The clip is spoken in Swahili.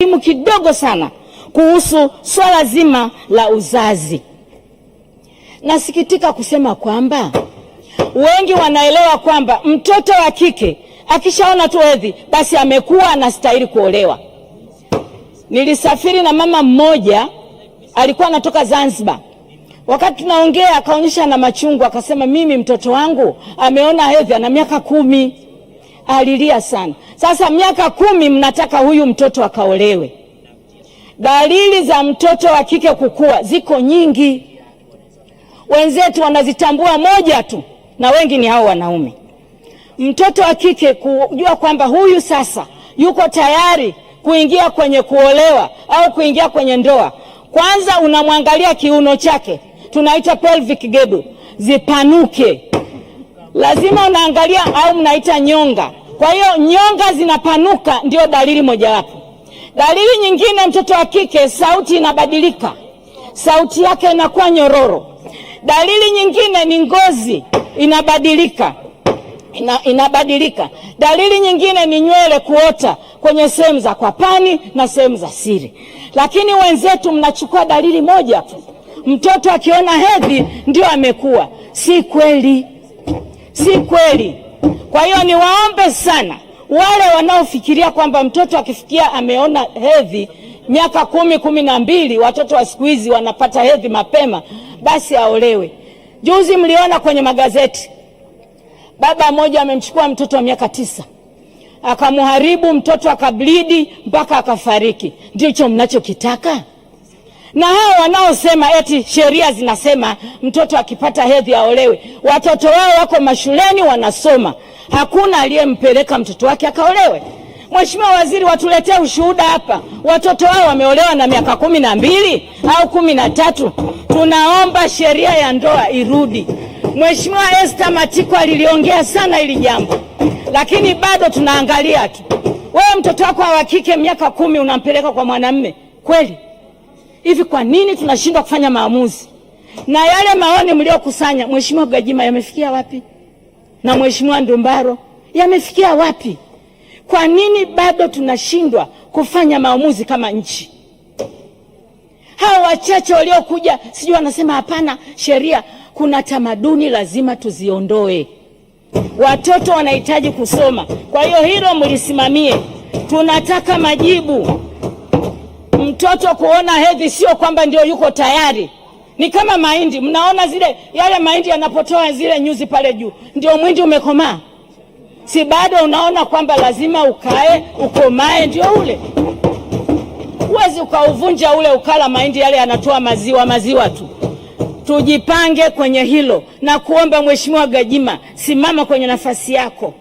Elimu kidogo sana kuhusu swala zima la uzazi. Nasikitika kusema kwamba wengi wanaelewa kwamba mtoto wa kike akishaona tu hedhi basi amekuwa anastahili kuolewa. Nilisafiri na mama mmoja alikuwa anatoka Zanzibar. Wakati tunaongea akaonyesha na machungu akasema, mimi mtoto wangu ameona hedhi ana miaka kumi alilia sana. Sasa miaka kumi mnataka huyu mtoto akaolewe. Dalili za mtoto wa kike kukua ziko nyingi, wenzetu wanazitambua moja tu, na wengi ni hao wanaume. Mtoto wa kike kujua kwamba huyu sasa yuko tayari kuingia kwenye kuolewa au kuingia kwenye ndoa, kwanza unamwangalia kiuno chake, tunaita pelvic girdle, zipanuke lazima unaangalia au mnaita nyonga. Kwa hiyo nyonga zinapanuka, ndio dalili mojawapo. Dalili nyingine, mtoto wa kike sauti inabadilika, sauti yake inakuwa nyororo. Dalili nyingine ni ngozi inabadilika ina, inabadilika. Dalili nyingine ni nywele kuota kwenye sehemu za kwapani na sehemu za siri. Lakini wenzetu mnachukua dalili moja tu, mtoto akiona hedhi ndio amekuwa. Si kweli si kweli. Kwa hiyo niwaombe sana wale wanaofikiria kwamba mtoto akifikia ameona hedhi miaka kumi kumi na mbili, watoto wa siku hizi wanapata hedhi mapema, basi aolewe. Juzi mliona kwenye magazeti baba mmoja amemchukua mtoto wa miaka tisa akamharibu mtoto akablidi mpaka akafariki. Ndicho mnachokitaka? na hao wanaosema eti sheria zinasema mtoto akipata hedhi aolewe, watoto wao wako mashuleni wanasoma, hakuna aliyempeleka mtoto wake akaolewe. Mheshimiwa Waziri, watuletee ushuhuda hapa, watoto wao wameolewa na miaka kumi na mbili au kumi na tatu. Tunaomba sheria ya ndoa irudi. Mheshimiwa Esther Matiko aliliongea sana hili jambo, lakini bado tunaangalia tu. Wewe mtoto wako wa kike miaka kumi unampeleka kwa mwanamme kweli? hivi kwa nini tunashindwa kufanya maamuzi? Na yale maoni mliokusanya, Mheshimiwa Gwajima, yamefikia wapi? Na Mheshimiwa Ndumbaro, yamefikia wapi? Kwa nini bado tunashindwa kufanya maamuzi kama nchi? Hawa wachache waliokuja, sijui wanasema hapana, sheria, kuna tamaduni lazima tuziondoe. Watoto wanahitaji kusoma, kwa hiyo hilo mlisimamie. Tunataka majibu mtoto kuona hedhi sio kwamba ndio yuko tayari, ni kama mahindi. Mnaona zile yale mahindi yanapotoa zile nyuzi pale juu, ndio mwindi umekomaa? Si bado unaona kwamba lazima ukae ukomae ndio ule. Huwezi ukauvunja ule ukala mahindi yale yanatoa maziwa maziwa tu. Tujipange kwenye hilo na kuomba Mheshimiwa Gwajima, simama kwenye nafasi yako.